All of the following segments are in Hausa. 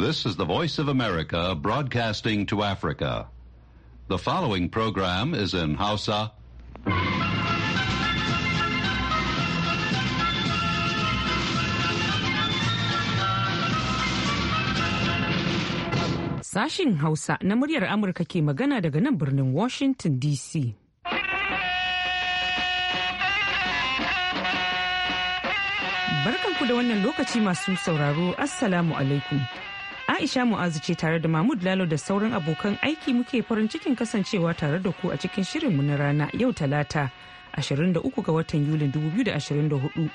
This is the Voice of America broadcasting to Africa. The following program is in Hausa. Sashin Hausa na muryar Amurka ke magana daga nan birnin Washington DC. Barkanku da wannan lokaci masu sauraro, Assalamu alaikum. Aisha Mu'azu ce tare da Mahmud Lalo da sauran abokan aiki muke farin cikin kasancewa tare da ku a cikin shirin mu na rana yau Talata 23 ga watan Yulin 2024.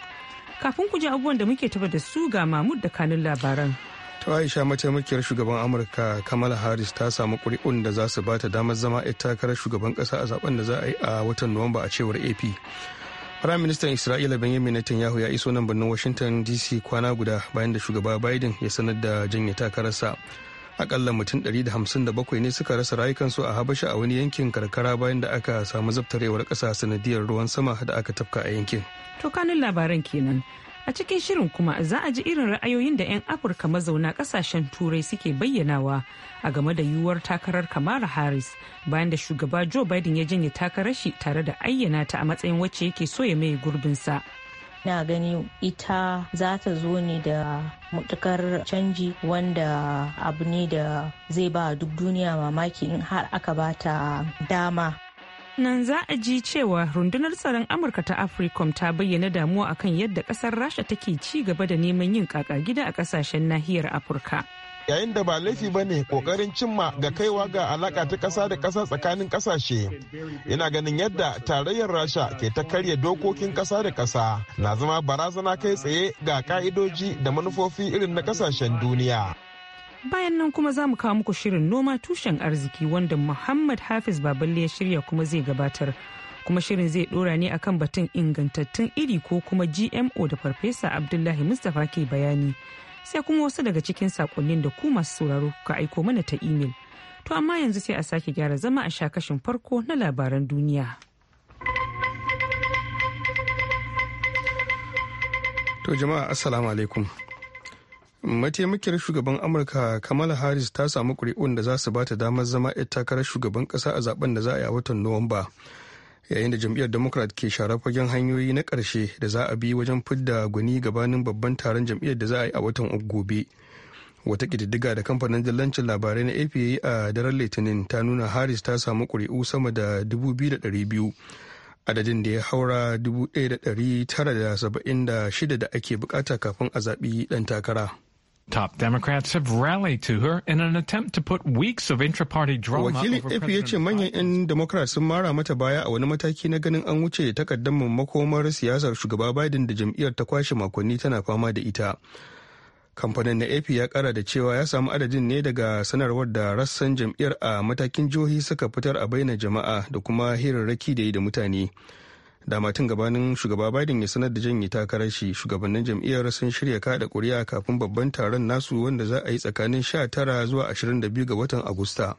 Kafin ku ji abubuwan da muke tafa da su ga Mahmud da kanun labaran. To Aisha mataimakiyar shugaban Amurka Kamala Harris ta samu ƙuri'un da za su ba damar zama ita takarar shugaban ƙasa a zaben da za a yi a watan Nuwamba a cewar AP. Firayim ministan Isra'ila Benjamin Netanyahu ya iso nan birnin Washington DC kwana guda bayan da shugaba Biden ya sanar da janye takararsa. Akalla mutum ɗari da da hamsin bakwai ne suka rasa rayukansu a Habasha a wani yankin karkara bayan da aka samu zabtarewar ƙasa sanadiyar ruwan sama da aka tafka a yankin. To kanin labaran kenan. A cikin shirin kuma za a ji irin ra'ayoyin da 'yan Afirka mazauna kasashen turai suke bayyanawa a game da yiwuwar takarar Kamala Harris bayan da shugaba Joe Biden ya janye takarar shi tare da ayyana ta a matsayin wacce yake so ya maye gurbinsa. ina gani ita za ta zo ne da matukar canji wanda abu ne da zai ba duk duniya mamaki in har aka bata dama nan za a ji cewa rundunar tsaron amurka ta africom ta bayyana damuwa akan yadda kasar rasha take ci gaba da neman yin kaka gida a kasashen nahiyar afirka yayin da ba laifi ba ne kokarin cimma ga kaiwa ga alaka ta ƙasa da ƙasa tsakanin ƙasashe ina ganin yadda tarayyar rasha ke ta karya dokokin ƙasa da ƙasa na zama barazana kai tsaye ga ka'idoji da manufofi irin na ƙasashen duniya bayan nan kuma za mu kawo muku shirin noma tushen arziki wanda muhammad hafiz baballe ya shirya kuma zai gabatar kuma shirin zai dora ne akan batun ingantattun iri ko kuma gmo da farfesa abdullahi mustapha ke bayani sai kuma wasu daga cikin sakonnin da ku masu sauraro ka aiko mana ta imel to amma yanzu sai a sake gyara zama a sha kashin farko na labaran duniya to jama'a assalamu alaikum mataimakiyar shugaban amurka kamala harris ta samu kuri'un da za su ba ta damar zama 'yar takarar shugaban kasa a zaben da za a yi a watan nuwamba yayin da jam'iyyar democrat ke shara fagen hanyoyi na karshe da za a bi wajen fidda gwani gabanin babban taron jam'iyyar da za a yi a watan gobe wata ƙididdiga da kamfanin dillancin labarai na apa a daren litinin ta nuna harris ta samu kuri'u sama da 2,200 adadin da ya haura 1,976 da ake bukata kafin a zaɓi ɗan takara. Top Democrats have rallied to her in an attempt to put weeks of intra-party drama Wakilin AP ya ce manyan 'yan Democrats sun mara mata baya a wani mataki na ganin an wuce takaddamin makomar siyasar shugaba Biden da jam'iyyar ta kwashe makonni tana fama da ita. Kamfanin na AP ya kara da cewa ya samu adadin ne daga sanarwar da rassan jam'iyyar a matakin jihohi suka fitar a baina jama'a da kuma hirarraki da yi da mutane. da matin gabanin shugaba biden ya sanar da janye takarar shi shugabannin jam'iyyar sun shirya kada kuri'a kafin babban taron nasu wanda za a yi tsakanin 19 zuwa 22 ga watan agusta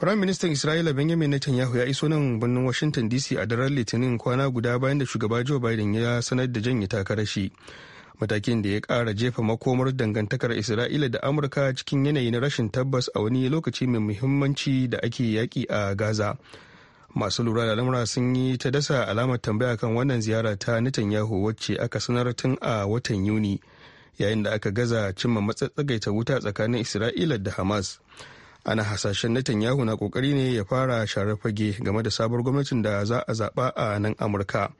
Firayim Ministan Isra'ila Benjamin Netanyahu ya iso nan birnin Washington DC a daren Litinin kwana guda bayan da shugaba Joe Biden ya sanar da janye takarar shi. Matakin da ya kara jefa makomar dangantakar Isra'ila da Amurka cikin yanayi na rashin tabbas a wani lokaci mai muhimmanci da ake yaƙi a Gaza. masu lura da lamura sun yi ta dasa alamar tambaya kan wannan ziyara ta netanyahu wacce aka sanar tun a watan yuni yayin da aka gaza cimma matsattsagaita wuta tsakanin isra'ila da hamas ana hasashen netanyahu na kokari ne ya fara share fage game da sabuwar gwamnatin da za a zaba a nan amurka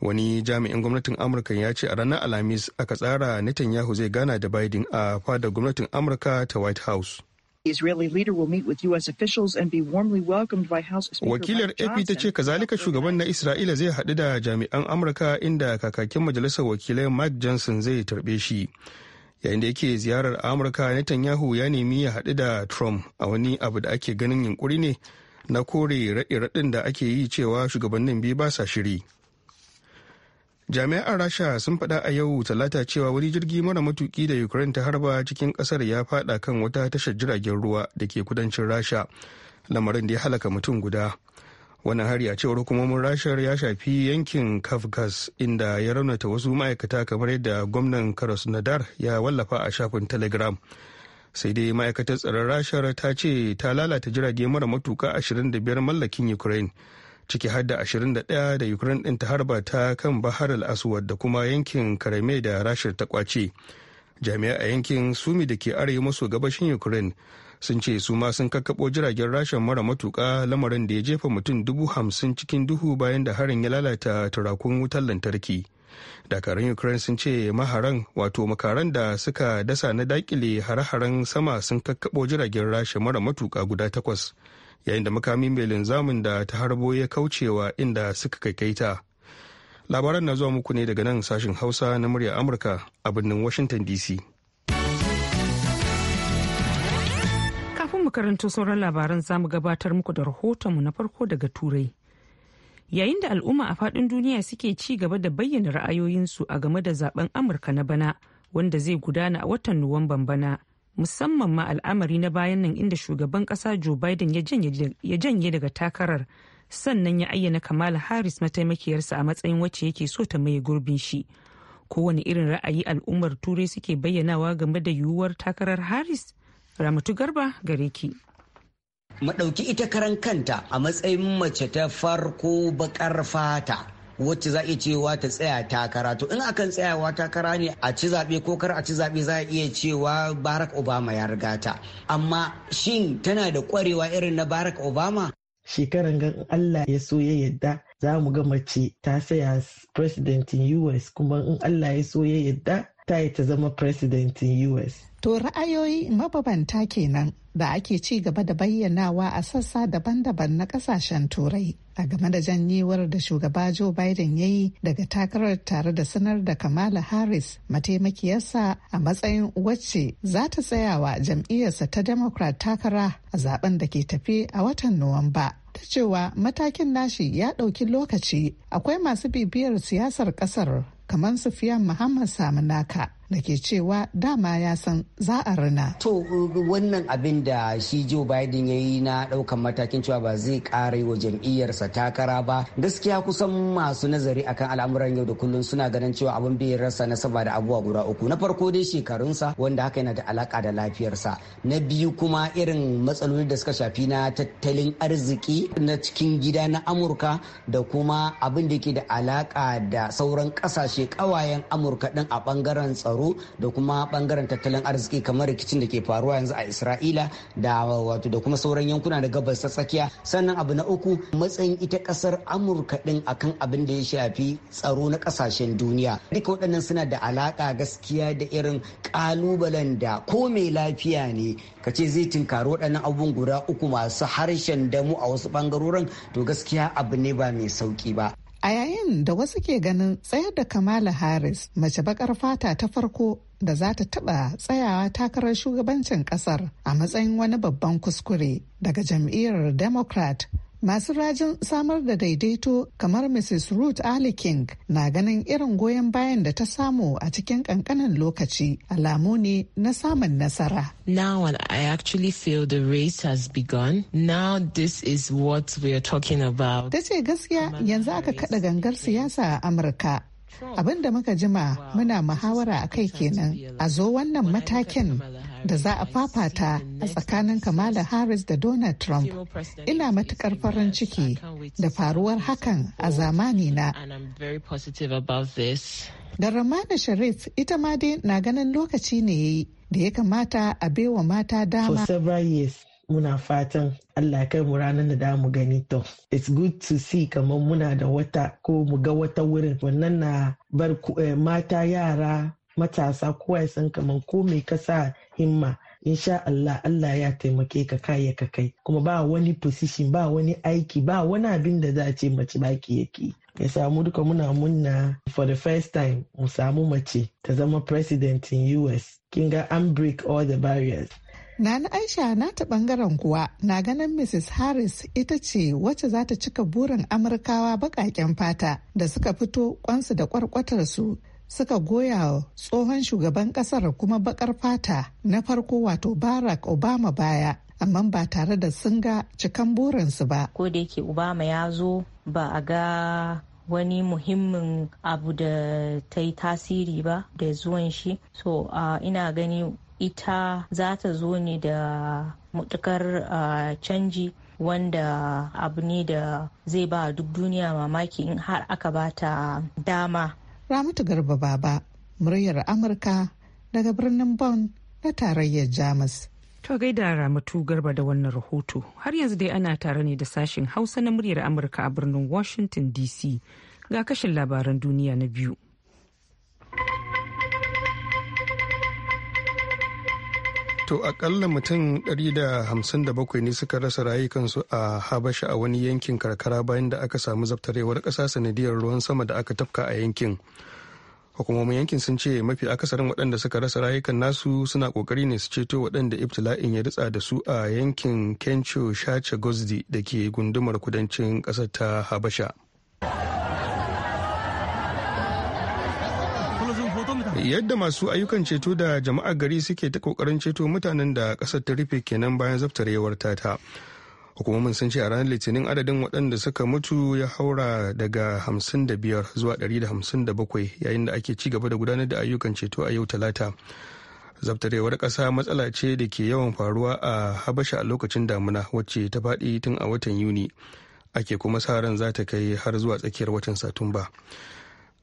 wani jami'in gwamnatin amurka ya ce a ranar alhamis aka tsara netanyahu zai gana da biden a fadar gwamnatin amurka ta white house Wakilar AP ta ce kazalika shugaban na Isra'ila zai haɗu da jami'an Amurka inda kakakin majalisar wakilai Mike Johnson zai tarbe shi. Yayin da yake ziyarar Amurka, Netanyahu ya nemi ya haɗu da Trump a wani abu da ake ganin yunkuri ne na kore raɗe-raɗin da ake yi cewa shugabannin biyu ba sa shiri. jami'an rasha sun faɗa a yau talata cewa wani jirgi mara matuki da ukraine ta harba cikin ƙasar ya faɗa kan wata tashar jiragen ruwa da ke kudancin rasha lamarin da ya halaka mutum guda wannan hari a cewar hukumomin rashar ya shafi yankin kafkas inda ya raunata wasu ma'aikata kamar yadda gwamnan nadar ya wallafa a shafin telegram sai dai ma'aikatar tsaron rashar ta ce ta lalata jirage mara matuka 25 mallakin ukraine ciki har da 21 da ukraine ɗin ta harba ta kan bahar al-aswad da kuma yankin karame da rashin ta kwace jami'a a yankin sumi da ke arewa maso gabashin ukraine sun ce su ma sun kakkaɓo jiragen rashin mara matuka lamarin da ya jefa mutum dubu hamsin cikin duhu bayan da harin ya lalata turakun wutar lantarki dakarun ukraine sun ce maharan wato makaran da suka dasa na dakile hare-haren sama sun kakkaɓo jiragen rashin mara matuka guda takwas yayin da makami mai linzamin da ta harbo ya kaucewa inda suka kaikaita labaran na zuwa muku ne daga nan sashen hausa na murya amurka a birnin washington dc kafin mu karanta sauran labaran za mu gabatar muku da rahotonmu na farko daga turai yayin da al'umma a faɗin duniya suke ci gaba da bayyana ra'ayoyinsu a game da zaben amurka na bana wanda zai gudana a watan nuwamban bana musamman ma al'amari na bayan nan inda shugaban kasa joe biden ya janye daga takarar sannan ya ayyana kamala harris mataimakiyarsa a matsayin wacce yake so ta maye gurbin shi kowane irin ra'ayi al'ummar turai suke bayyanawa game da yiwuwar takarar harris ramatu garba gare ki mu ita karan kanta a matsayin mace ta farko baƙar fata wacce za a iya cewa ta tsaya takara to in akan tsayawa takara ne a ci zaɓe ko kar a ci zaɓe za a iya cewa barack obama ya riga ta amma shin tana da kwarewa irin na barack obama shekaran gan allah ya so ya yadda za mu ga mace ta saya in us kuma in allah ya so ya yadda ta yi ta zama presidentin US. To ra'ayoyi mababanta kenan da ake ci gaba da bayyanawa a sassa daban-daban na kasashen turai a game da janyewar da shugaba Joe Biden ya yi daga takarar tare da sanar da Kamala Harris mataimakiyarsa a matsayin wacce za ta tsayawa jam'iyyarsa ta Democrat takara a zaben da ke tafe a watan Nuwamba. ta cewa matakin nashi ya ɗauki lokaci akwai masu bibiyar siyasar ƙasar kamar Sufiyan Muhammad Samunaka da ke cewa dama ya san za a rina. To wannan abin da shi Joe Biden ya yi na ɗaukan matakin cewa ba zai ƙara wa jam'iyyarsa takara ba gaskiya kusan masu nazari akan al'amuran yau da kullum suna ganin cewa abin bai rasa na saba da abubuwa guda uku na farko dai shekarunsa wanda haka yana da alaka da lafiyarsa na biyu kuma irin matsaloli da suka shafi na tattalin arziki na cikin gida na amurka da kuma abin da ke da alaka da sauran kasashe kawayen amurka ɗin a ɓangaren tsaro tsaro da kuma bangaren tattalin arziki kamar rikicin da ke faruwa yanzu a isra'ila da wato da kuma sauran yankuna da gabas ta tsakiya sannan abu na uku matsayin ita kasar amurka din akan abin da ya shafi tsaro na kasashen duniya duka waɗannan suna da alaƙa gaskiya da irin ƙalubalen da ko mai lafiya ne ka ce zai tinkari waɗannan abubuwan guda uku masu harshen damu a wasu bangarorin to gaskiya abu ne ba mai sauƙi ba a yayin da wasu ke ganin tsayar da kamala harris mace bakar fata ta farko da za ta taɓa tsayawa takarar shugabancin ƙasar a matsayin wani babban kuskure daga jam'iyyar democrat masu rajin samar da daidaito kamar mrs ruth ali king na ganin irin goyon bayan da ta samu a cikin kankanin lokaci alamu ne na samun nasara now i actually feel the race has begun now this is what we are talking about ta ce gaskiya yanzu aka kaɗa gangar siyasa a amurka abin da muka jima muna muhawara a kai kenan a zo wannan matakin da za a fafata a tsakanin Kamala Harris da Donald Trump. Ina matukar farin ciki da faruwar hakan a zamani na. Da Ramana Sharif ita ma dai na ganin lokaci ne yayi da ya kamata a baiwa mata dama. muna fatan Allah kai mu ranar da mu gani to it's good to see kamar muna da wata ko mu ga wata wurin wannan na bar eh, mata yara matasa kowa sun kamar ko mai kasa himma insha Allah Allah ya taimake ka kaya ka kai kuma ba wani position ba wani aiki ba wani abin da za a ce mace baki yake ya samu duka muna munna for the first time mu samu mace ta zama president in US kin ga an break all the barriers na Aisha nata bangaren kuwa na ganin Mrs. Harris ita ce wacce za ta cika burin Amurkawa baƙaƙen fata da suka fito kwansu da kwarkwatar su suka goya tsohon shugaban kasar kuma bakar fata na farko wato barack obama baya amma ba tare da sun ga cikan burinsu ba ko da yake obama ya zo ba a ga wani muhimmin abu da ta yi tasiri ba da zuwan shi so uh, ina gani ita za ta zo ne da mutukar uh, canji wanda abu ne da zai ba duk duniya mamaki in har aka ba ta dama Ramatu Garba Baba, muryar Amurka daga birnin Bonn na tarayyar Jamus. To gaida Ramatu Garba da wannan rahoto. Har yanzu dai ana tare ne da sashin Hausa na muryar Amurka a birnin Washington DC. Ga kashin labaran duniya na biyu. To akalla mutum 157 ne suka rasa rayukansu a Habasha a wani yankin karkara bayan da aka samu zaftarewar ƙasa sanadiyar ruwan sama da aka tafka a yankin. Hukumomin yankin sun ce mafi akasarin waɗanda suka rasa rayukan nasu suna ƙoƙari ne su ceto waɗanda ibtila'in ya ritsa da su a yankin Kencho Shache Gozdi da ke gundumar kudancin ƙasar ta Habasha. yadda masu ayyukan ceto da jama'a gari suke ta kokarin ceto mutanen da kasar ta rufe kenan bayan ta tata hukumomin sun ce a ranar litinin adadin waɗanda suka mutu ya haura daga 55 zuwa 157 yayin da ake ci gaba da gudanar da ayyukan ceto a yau talata zaftarewar ƙasa matsala ce da ke yawan faruwa a habasha a lokacin damuna wacce ta faɗi tun a watan yuni ake kuma sa ran za ta kai har zuwa tsakiyar watan satumba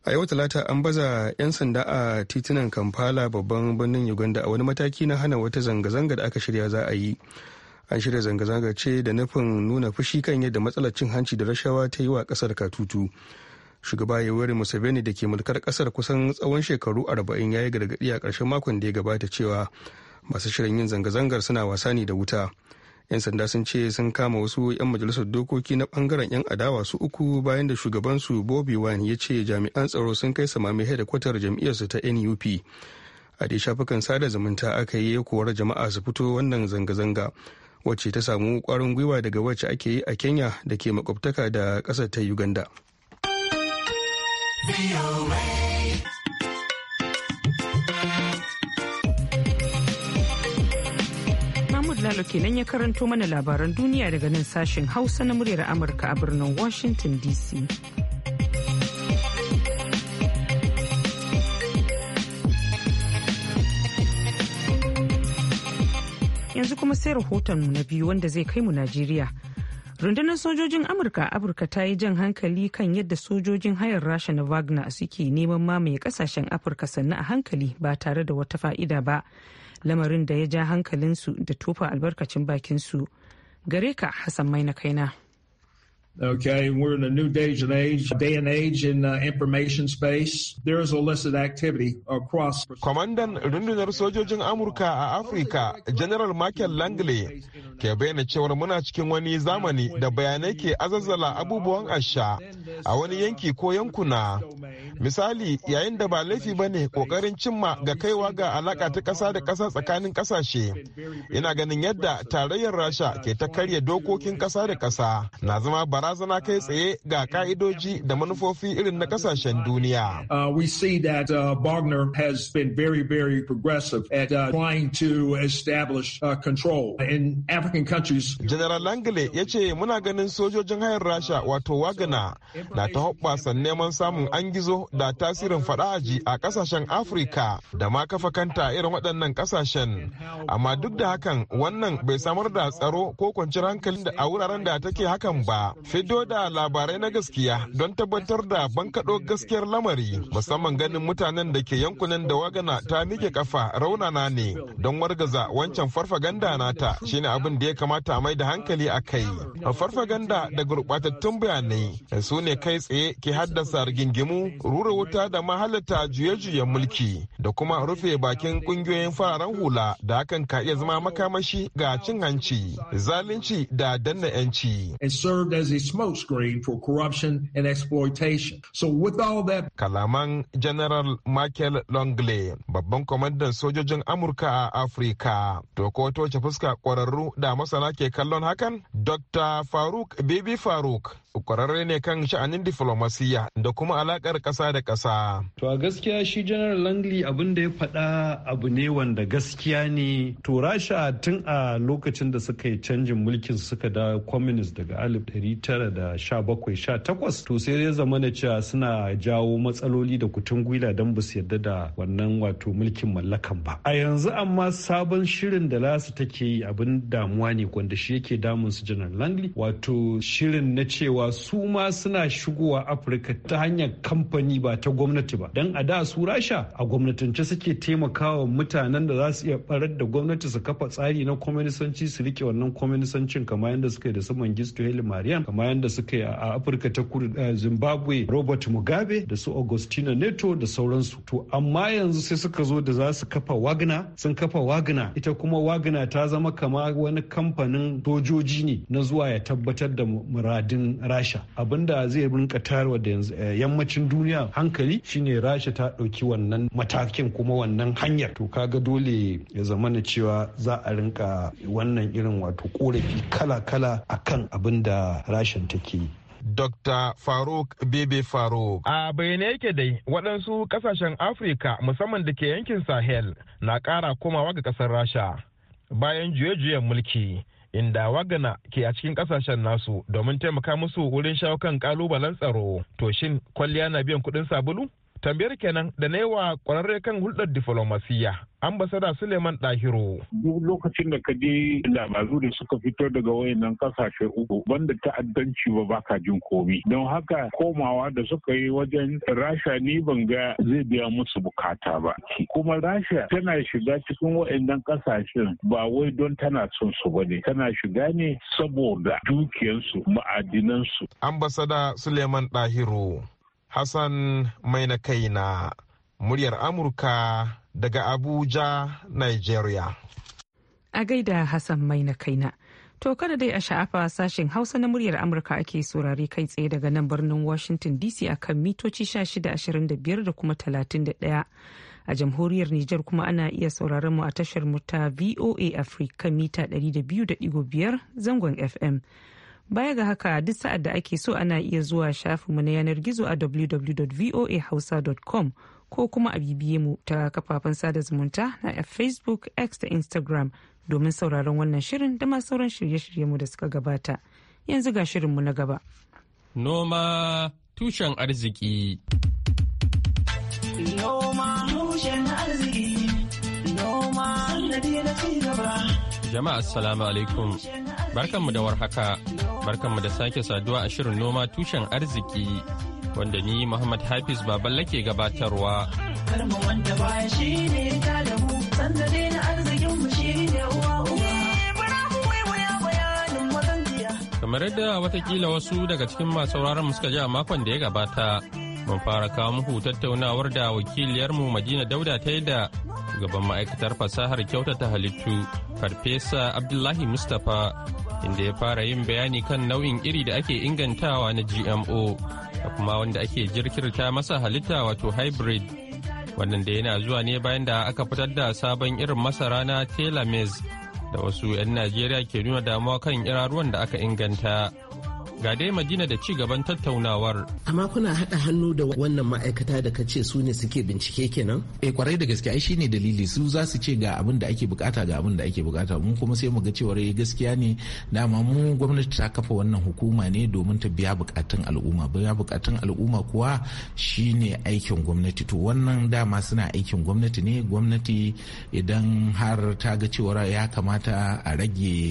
a yau talata an baza 'yan sanda a titunan kampala babban birnin uganda a wani mataki na hana wata zanga-zanga da aka shirya za a yi an shirya zanga-zanga ce da nufin nuna fushi kan yadda matsalar cin hanci da rashawa ta yi wa kasar katutu shugaba ya yoweri museveni da ke mulkar kasar kusan tsawon shekaru arba'in ya yi gargaɗi a ƙarshen makon da ya gabata cewa masu shirin yin zanga-zangar suna wasa ne da wuta 'yan sanda sun ce sun kama wasu 'yan majalisar dokoki na bangaren 'yan adawa su uku bayan da shugabansu bobi wine ya ce jami'an tsaro sun kai samami hedikwatar jam'iyyarsu ta nup a dai shafukan sada zumunta aka yi korar jama'a su fito wannan zanga-zanga wacce ta samu kwarin gwiwa daga wacce ake yi a kenya da ke makwabtaka da ƙasar ta uganda. Lalo kenan ya karanto mana labaran duniya daga nan sashen Hausa na muryar Amurka a birnin Washington DC. Yanzu kuma sai rahotonmu na biyu wanda zai kai mu Najeriya. rundunar sojojin amurka afirka ta yi jan hankali kan yadda sojojin hayar rasha na wagner suke neman mamaye kasashen afirka sannan a hankali ba tare da wata fa'ida ba lamarin da ya ja hankalinsu da tofa albarkacin bakinsu gare ka hassan mai na kaina Okay, we're in a new day and age, day and age in uh, information space. There is illicit activity across. Kwamandan rundunar sojojin Amurka a Afirka, General Michael Langley, ke bayyana cewa muna cikin wani zamani da bayanai ke azazzala abubuwan asha a wani yanki ko yankuna. Misali, yayin da ba laifi ba ne ƙoƙarin cimma ga kaiwa ga alaƙa ta ƙasa da ƙasa tsakanin ƙasashe. Ina ganin yadda tarayyar Rasha ke ta karya dokokin ƙasa da ƙasa na zama barazana kai tsaye ga ka'idoji da manufofi irin na kasashen duniya. Uh, we see that uh, has been very, very progressive at uh, trying to establish uh, control in African countries. General Langley ya ce muna ganin sojojin hayar Rasha wato Wagana na ta hoɓɓasa neman samun an gizo da tasirin fada'aji a kasashen Afirka da ma kafa kanta irin waɗannan kasashen. Amma duk da hakan wannan bai samar da tsaro ko kwanciyar hankali a wuraren da take hakan ba. fido da labarai na gaskiya don tabbatar da bankaɗo gaskiyar lamari musamman ganin mutanen da ke yankunan da wagana ta mike kafa raunana ne don wargaza wancan farfaganda nata shine abin da ya kamata mai da hankali a kai farfaganda da gurɓatattun bayanai su ne kai tsaye ke haddasa rigingimu rura wuta da mahalata juye-juyen mulki da kuma rufe bakin ƙungiyoyin fararen hula da hakan ka iya zama makamashi ga cin hanci zalunci da danna 'yanci. smokescreen for corruption and exploitation. So with all that. Kalaman General Michael Longley, babban kwamandan sojojin Amurka a Afirka. To ko toce fuska kwararru da masana ke kallon hakan? Dr. Faruk Bibi Faruk kwararre ne kan sha'anin diflomasiyya da kuma alakar ƙasa da ƙasa. To a gaskiya shi General Langley abin da ya faɗa abu ne wanda gaskiya ne to Rasha tun a lokacin da suka yi canjin mulkin suka da communist daga 1917-18 to sai ya zama na cewa suna jawo matsaloli da kutun gwila don ba su yarda da wannan wato mulkin mallakan ba. A yanzu amma sabon shirin da lasu take yi abin damuwa ne wanda shi yake damun su General Langley wato shirin na cewa cewa su ma suna shigowa afirka ta hanyar kamfani ba ta gwamnati ba don a da su rasha a gwamnatance suke taimakawa mutanen da za su iya barar da gwamnati su kafa tsari na kwaminisanci su rike wannan kwaminisancin kamar yadda suka yi da su mangisto heli mariam kamar yadda suka yi a afirka ta kudu eh, zimbabwe robert mugabe da su augustina neto da sauransu to amma yanzu sai suka zo da za su kafa wagna sun kafa wagna ita kuma wagna ta zama kama wani kamfanin sojoji ne na zuwa ya tabbatar da muradin rasha abinda zai rinka tarwa da eh, yammacin duniya hankali shine rasha ta ɗauki wannan matakin kuma wannan hanyar to kaga dole ya zama na cewa za a rinka wannan irin wato korafi kala-kala akan abin da rashin take yi Dr. Faruk Bebe Faruk. A bayyane yake dai waɗansu ƙasashen Afirka musamman da ke yankin Sahel na ƙara komawa ga ƙasar Rasha bayan juye-juyen mulki inda wagana ke a cikin kasashen nasu domin taimaka musu wurin shawo kan kalubalen tsaro to shin kwalliya na biyan kuɗin sabulu tambayar kenan da na yi wa kwararre kan hulɗar diflomasiyya ambasada suleiman dahiro duk lokacin da ka je labaru da suka fito daga wayannan kasashe uku banda ta'addanci ba baka jin komi don haka komawa da suka yi wajen rasha ni ban ga zai biya musu bukata ba kuma rasha tana shiga cikin wayannan kasashen ba wai don tana son su ba ne, tana shiga ne saboda dukiyarsu ma'adinansu ambasada suleiman dahiro Hassan mai na kaina muryar Amurka daga Abuja, Nigeria. A gaida Hassan mai na kaina. To kada dai a sha'afa sashen Hausa na muryar Amurka ake saurari kai tsaye daga nan birnin Washington DC a kan mitoci 1625 da kuma talatin 31. A jamhuriyar Nijar kuma ana iya sauraron mu a tashar mu ta VOA Africa mita 200.5 zangon FM. Baya ga haka duk sa'ad da ake so ana iya zuwa shafinmu na yanar gizo a www.voahausa.com ko kuma a bibiye mu ta kafafen sada zumunta na Facebook, X da Instagram domin sauraron wannan shirin da ma sauran shirye-shirye mu da suka gabata. Yanzu ga shirinmu na gaba. Noma tushen arziki. Noma tushen arziki. Noma na ci gaba. Jama'a assalamu alaikum. Barkanmu da warhaka. Barkanmu da sake saduwa a shirin noma tushen arziki wanda ni Muhammad Hafiz baban lake gabatarwa. Karma wanda baya da kamar yadda watakila wasu daga cikin masu mu suka ji a makon da ya gabata mun fara kawo muku tattaunawar da wakiliyarmu madina dauda ta yi da shugaban ma'aikatar fasahar kyautata halittu farfesa abdullahi mustapha inda ya fara yin bayani kan nau'in iri da ake ingantawa na gmo da kuma wanda ake jirkirta masa halitta wato hybrid wannan da yana zuwa ne bayan da aka fitar da sabon irin masara na telomeres da wasu 'yan najeriya ke nuna damuwa kan iraruwan da aka inganta Ga dai Madina da ci gaban tattaunawar. Amma kuna haɗa hannu da wannan ma'aikata da kace su ne suke bincike kenan? Eh kwarai da gaske ai shine dalili su za su ce ga abin da ake bukata ga abin da ake bukata mun kuma sai mu ga cewa eh, gaskiya ne dama mu gwamnati ta kafa wannan hukuma ne domin ta biya bukatun al'umma biya bukatun al'umma kuwa shine aikin gwamnati to wannan dama suna aikin gwamnati ne gwamnati idan har ta ga cewa ya kamata a rage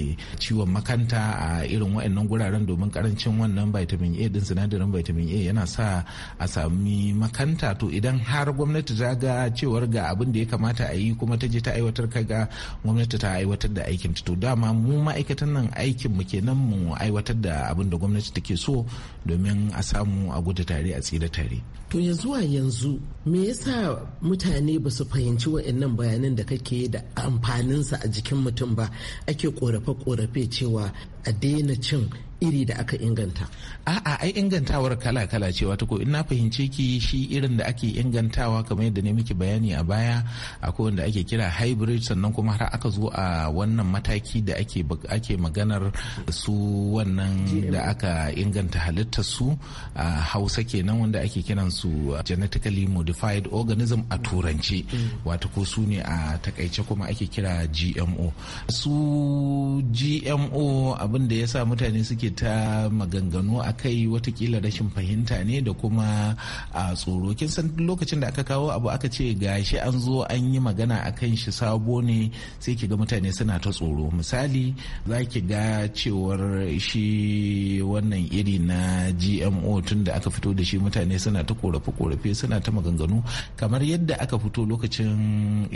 ciwon makanta a irin wa'annan guraren domin karin karancin wannan vitamin a din sinadarin vitamin a yana sa a sami makanta to idan har gwamnati ta ga cewar ga abin da ya kamata a yi kuma ta je ta aiwatar kaga gwamnati ta aiwatar da aikin to dama mu ma'aikatan nan aikin mu kenan mu aiwatar da abin da gwamnati take so domin a samu a gudu tare a tsira tare to ya zuwa yanzu me yasa mutane ba su fahimci waɗannan bayanan da kake da amfaninsa a jikin mutum ba ake korafe-korafe cewa a daina cin iri da aka inganta a'a ai ingantawar kala kala ce wata ko ina fahimce ki shi irin da ake ingantawa kamar yadda ne miki bayani a baya akwai wanda ake kira hybrid sannan kuma har aka zo a wannan mataki da ake ake maganar su wannan da aka inganta halitta su a Hausa kenan wanda ake kiran su genetically modified organism a turanci mm. Wata ko su ne a takaice kuma ake kira GMO su GMO abin da yasa mutane suke ta maganganu a kai watakila rashin fahimta ne da kuma a tsoro kin san lokacin da aka kawo abu aka ce gashi an zo an yi magana a kan shi sabo ne sai ki ga mutane suna ta tsoro misali za ki ga cewar shi wannan iri na gmo tun da aka fito da shi mutane suna ta korafe-korafe suna ta maganganu kamar yadda aka fito lokacin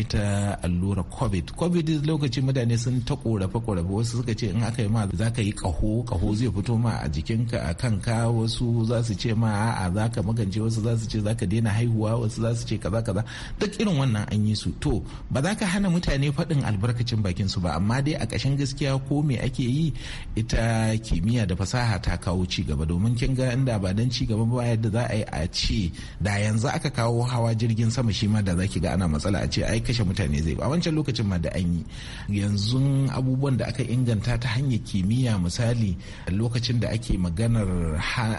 ita allura covid covid lokacin mutane sun ta korafe-korafe wasu suka ce in aka yi ma za ka yi kaho kaho zai zai fito ma a jikinka a kanka wasu za su ce ma a'a za ka magance wasu za su ce za ka daina haihuwa wasu za su ce kaza kaza duk irin wannan an yi su to ba za ka hana mutane faɗin albarkacin bakin su ba amma dai a ƙashin gaskiya ko me ake yi ita kimiyya da fasaha ta kawo ci gaba domin kin ga inda ba dan ci gaba ba yadda za a yi a ce da yanzu aka kawo hawa jirgin sama shi ma da za ki ga ana matsala a ce ai kashe mutane zai ba wancan lokacin ma da an yi yanzu abubuwan da aka inganta ta hanyar kimiyya misali lokacin da ake maganar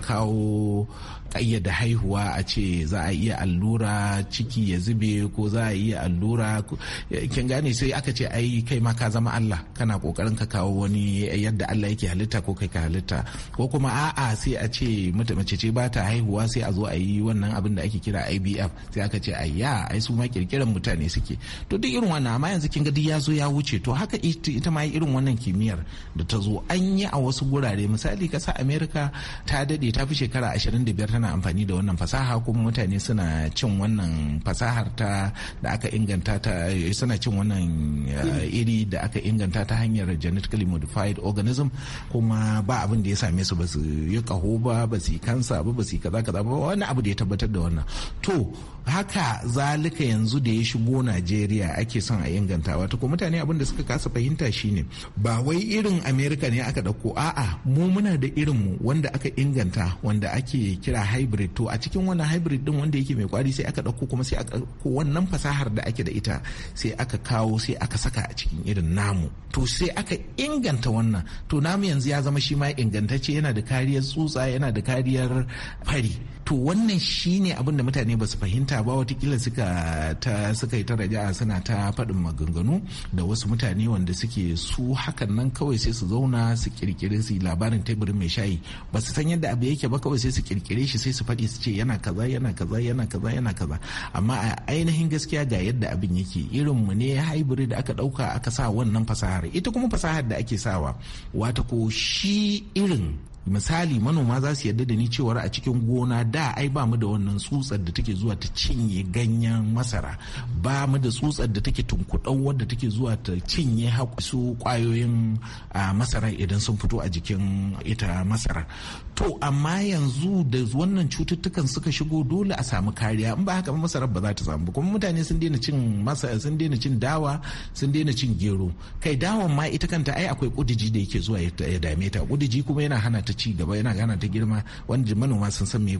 kawo ƙayyada haihuwa a ce za a iya allura ciki ya zube ko za a iya allura eh, kin gane sai aka ce ai kai ma ka zama Allah kana kokarin ka kawo wani yadda Allah yake halitta ko kai ka halitta ko kuma a'a sai a ce mace ce ba ta haihuwa sai a zo a yi wannan abin da ake kira IVF sai aka ce ayya ai su ma kirkiran mutane suke to duk irin wannan amma yanzu kin ga duk ya zo ya wuce to haka ita ma irin wannan kimiyyar da ta zo an yi a wasu gurare wurare misali kasa Amerika ta dade ta fi shekara 25 tana amfani da wannan fasaha kuma mutane suna cin wannan fasahar ta da aka inganta ta eh, suna cin wannan eh, iri da aka inganta ta hanyar genetically modified organism kuma ba abin da ya same su ba su yi kaho ba ba su yi kansa ba ba su yi kaza kaza ba wani abu da ya tabbatar da wannan to haka zalika yanzu da ya shigo najeriya ake son a inganta wato ko mutane abin da suka kasa fahimta shine ba wai irin Amerika ne aka dauko a'a mu muna da irin mu wanda aka inganta wanda ake kira hybrid to a cikin wannan hybrid din wanda yake mai kwari sai aka dauko kuma sai aka wannan fasahar da ake da ita sai aka kawo sai aka saka a cikin irin namu to sai aka inganta wannan to namu yanzu ya zama shi ma ingantacce yana da kariyar tsutsa yana da kariyar fari to wannan shine abin da mutane ba su fahimta ba watakila suka ta suka yi ta raja'a suna ta faɗin maganganu da wasu mutane wanda suke su hakan nan kawai sai su zauna su kirkiri su yi labarin teburin mai shayi ba su san yadda abu yake ba kawai sai su kirkire shi sai su faɗi su ce yana kaza yana kaza yana kaza yana kaza amma a ainihin gaskiya ga yadda abin yake irin mu ne hybrid da aka ɗauka aka sa wannan fasahar ita kuma fasahar da ake sawa wata ko shi irin misali manoma za su yarda da ni cewar a cikin gona da ai ba mu da wannan tsutsar da take zuwa ta cinye ganyen masara ba mu da tsutsar da take tunkuɗau wadda take zuwa ta cinye su kwayoyin masara idan sun fito a jikin ita masara to amma yanzu da wannan cututtukan suka shigo dole a samu kariya in ba haka masarar ba za ta samu kuma mutane sun daina cin masa sun daina cin dawa sun daina cin gero kai dawan ma ita kanta ai akwai kudiji da yake zuwa ya dame ta kudiji kuma yana hana ta ci gaba yana gana ta girma wanda manoma sun san me ya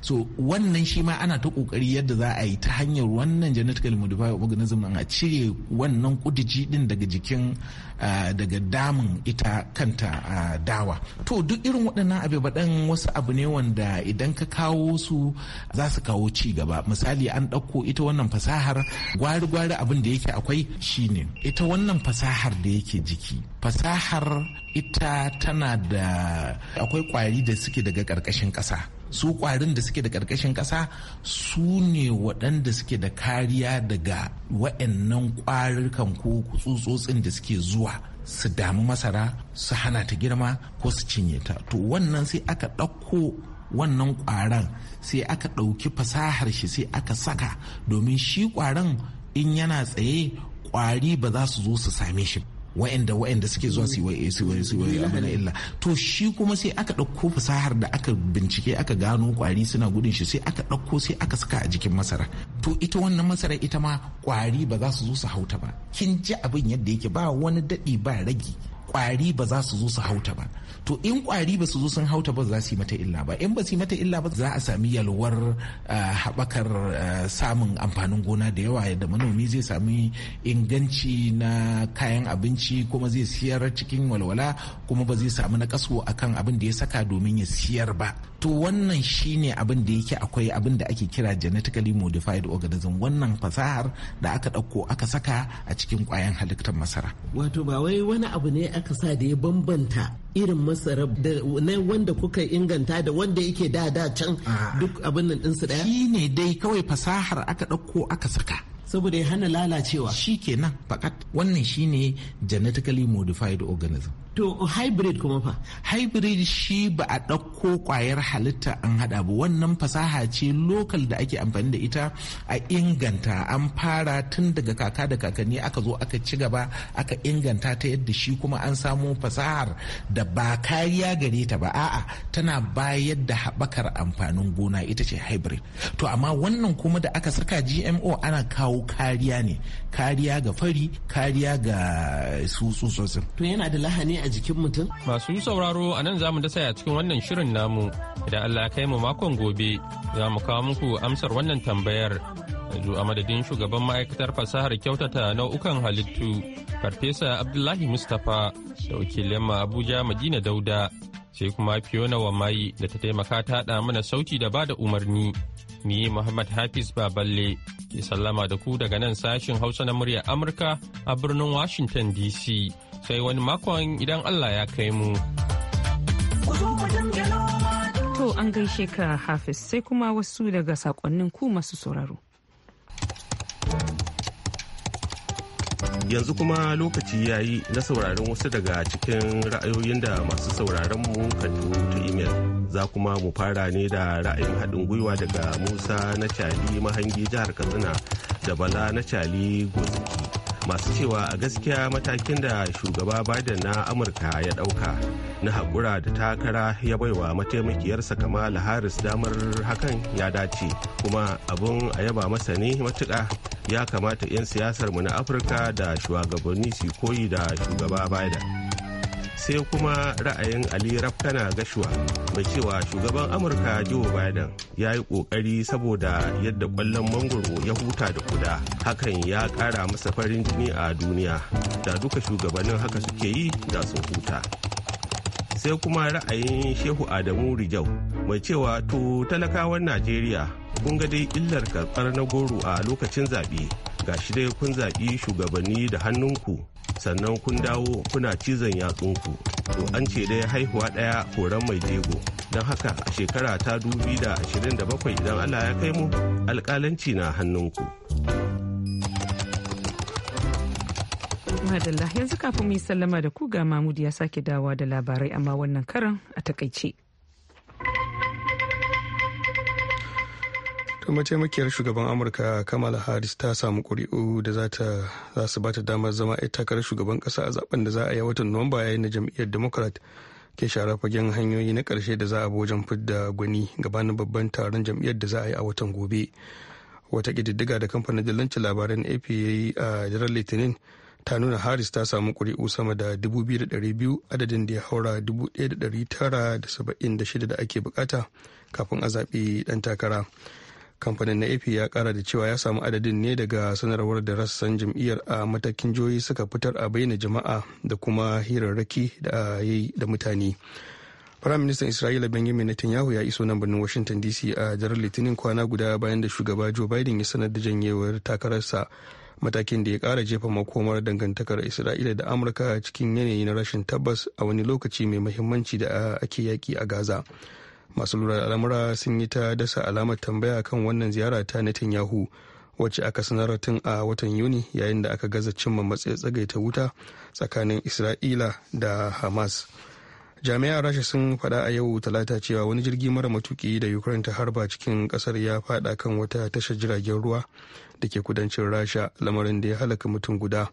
so wannan shi ma ana ta kokari yadda za a yi ta hanyar wannan genetically modified organism a cire wannan kudiji din daga jikin daga damun ita kanta dawa to duk irin waɗannan abu baɗan wasu abu ne wanda idan ka kawo su za su kawo ci gaba misali an ɗauko ita wannan fasahar gwari-gwari abin da yake akwai shine ita wannan fasahar da yake jiki fasahar ita tana da akwai kwari da suke daga ƙarƙashin ƙasa su kwarin da suke da ƙarƙashin ƙasa su ne waɗanda suke da kariya daga wa'annan kan ko tsutsotsin da suke zuwa su damu masara su hana ta girma ko su cinye ta to wannan sai aka ɗauko wannan kwaran sai aka ɗauki fasahar shi sai aka saka domin shi kwaran in yana tsaye kwari ba za su zo su same shi wa'anda wa'anda suke zuwa su yi su yi illa to shi kuma sai aka ɗauko fasahar da aka bincike aka gano kwari suna gudun shi sai aka ɗauko sai aka saka a jikin masara to ita wannan masara ita ma kwari ba za su zo su hauta ba kin ji abin yadda yake ba wani daɗi ba ragi kwari ba za su zo su hauta ba to in kwari ba su zo sun hauta ba za su yi mata illa ba in ba su yi mata illa ba za a sami yalwar ah, haɓakar ah, samun amfanin gona da yawa yadda manomi zai sami inganci na kayan abinci kuma zai siyar cikin walwala kuma ba zai sami na kaso akan abin da ya saka domin ya siyar ba to wannan shine abin da yake akwai abin da ake kira genetically modified organism wannan fasahar da aka ɗauko aka saka a cikin ƙwayan halittar masara wato ba wai wani abu ne aka sa da ya bambanta irin masara da wanda kuka inganta da wanda yake da da can duk abin nan ɗinsu ɗaya shine dai kawai fasahar aka ɗauko aka saka saboda ya hana lalacewa shi kenan fakat wannan shine genetically modified organism To hybrid kuma fa hybrid shi ba a ɗauko ƙwayar halitta an haɗa ba wannan fasaha ce lokal da ake amfani da ita a inganta an fara tun daga kaka da kakanni aka zo aka ci gaba aka inganta ta yadda shi kuma an samo fasahar da ba kariya gare ta ba a'a tana bayar da haɓakar amfanin gona ita ce hybrid to amma wannan kuma da aka saka GMO ana kawo kariya ne kariya ga fari kariya ga su tsutsotsin. To yana da lahani a jikin mutum? Masu sauraro a nan za mu dasa a cikin wannan shirin namu idan Allah kai mu makon gobe za mu kawo muku amsar wannan tambayar. Yanzu a madadin shugaban ma'aikatar fasahar kyautata nau'ukan halittu Farfesa Abdullahi Mustapha da wakilin ma Abuja Madina Dauda sai kuma Fiona Wamai da ta taimaka ta haɗa mana sauti da bada umarni. Ni Muhammad Hafiz Baballe ke sallama da ku daga nan sashin Hausa na muryar Amurka a birnin Washington DC. sai wani makon idan Allah ya kai mu. To an gaishe ka Hafiz sai kuma wasu daga sakonnin ku masu sauraro. Yanzu kuma lokaci ya yi na sauraron wasu daga cikin ra'ayoyin da masu sauraron mu kan ta imel. Za kuma mu fara ne da ra'ayin haɗin gwiwa daga Musa na Cali mahangi jihar Katsina da Bala na Cali Gozuki. masu cewa a gaskiya matakin da shugaba Biden na Amurka ya dauka na haƙura da takara ya baiwa mataimakiyarsa Kamala Harris damar hakan ya dace kuma abun a yaba masa ne matuƙa ya kamata 'yan siyasar mu na Afirka da shugabanni su koyi da shugaba Biden. sai kuma ra'ayin ali rafkana gashuwa mai cewa shugaban amurka joe biden ya yi kokari saboda yadda kwallon mangoro ya huta da kuda hakan ya kara masa farin jini a duniya da duka shugabannin haka suke yi da sun huta sai kuma ra'ayin shehu adamu rijau mai cewa to talakawan najeriya kun ga dai illar karɓar na goro a lokacin zaɓe ga shi dai kun zaɓi shugabanni da hannunku sannan kun dawo kuna cizon yatsunku to an ce dai haihuwa ɗaya horon mai jego don haka a shekara ta dubi da ashirin da bakwai idan allah ya kai mu alƙalanci na hannunku madalla yanzu kafin mu yi sallama da ku ga mahmud ya sake dawa da labarai amma wannan karan a takaice mataimakiyar shugaban amurka kamala harris ta samu ƙuri'u da za su bata damar zama ita takarar shugaban ƙasa a zaben da za a yi watan nuwamba yayin da jam'iyyar democrat ke shara fagen hanyoyi na ƙarshe da za a wajen fidda gwani gabanin babban taron jam'iyyar da za a yi a watan gobe wata ƙididdiga da kamfanin dillanci labaran ap ya yi a jiran litinin ta nuna harris ta samu ƙuri'u sama da 2,200 adadin da ya haura 1,976 da ake bukata kafin a zaɓi ɗan takara kamfanin na ap ya kara da cewa ya samu adadin ne daga sanarwar da rassan jam'iyyar a matakin joyi suka fitar a bayyana jama'a da kuma hirarraki da yi da mutane Firaministan Isra'ila Benjamin Netanyahu ya iso nan birnin Washington DC a jirar Litinin kwana guda bayan da shugaba Joe Biden ya sanar da janyewar takararsa matakin da ya kara jefa makomar dangantakar Isra'ila da Amurka cikin yanayi na rashin tabbas a wani lokaci mai mahimmanci da ake yaki a Gaza. masu lura da al'amura sun yi ta dasa alamar tambaya kan wannan ziyara ta netanyahu wacce aka sanar tun a watan yuni yayin da aka gaza cimma matsayin ta wuta tsakanin isra'ila da hamas jami'a rasha sun faɗa a yau talata cewa wani jirgi mara matuki da ukraine ta harba cikin ƙasar ya faɗa kan wata tashar jiragen ruwa da ke kudancin rasha lamarin da ya halaka mutum guda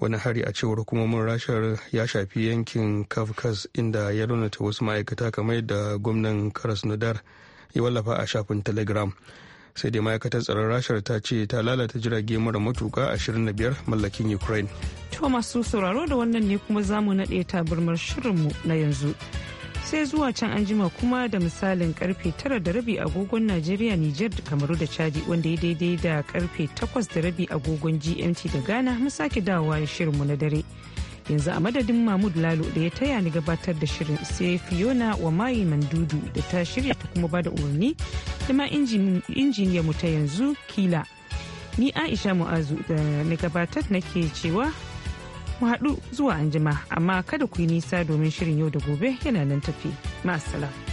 wani hari a cewar kuma hukumomin rashar ya shafi yankin kafkas inda ya raunata wasu ma'aikata kamar da gwamnan karas krasnodar ya wallafa a shafin telegram sai dai ma'aikatar tsaron rashar ta ce ta lalata jirage mara matuka 25 mallakin ukraine to masu sauraro da wannan ne kuma zamu naɗe tabarmar mu na yanzu sai zuwa can anjima kuma da misalin karfe tara da rabi agogon najeriya niger da kamaru da chadi wanda ya daidai da karfe takwas da rabi agogon gmt da ghana mu sake dawowa mu na dare yanzu a madadin mahmud lalo da ya taya ni gabatar da shirin sai fiona wa mayi mandudu da ta shirya ta kuma bada umarni da ma injiniya mu ta yanzu kila ni aisha mu'azu da na gabatar nake cewa mu haɗu zuwa anjima amma kada ku yi nisa domin shirin yau da gobe yana nan tafi. masala